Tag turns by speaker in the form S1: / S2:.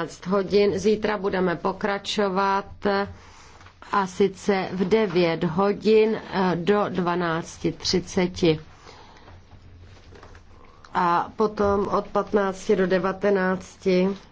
S1: 15 hodin. Zítra budeme pokračovat a sice v 9 hodin eh, do 12.30.
S2: A potom od 15 do 19.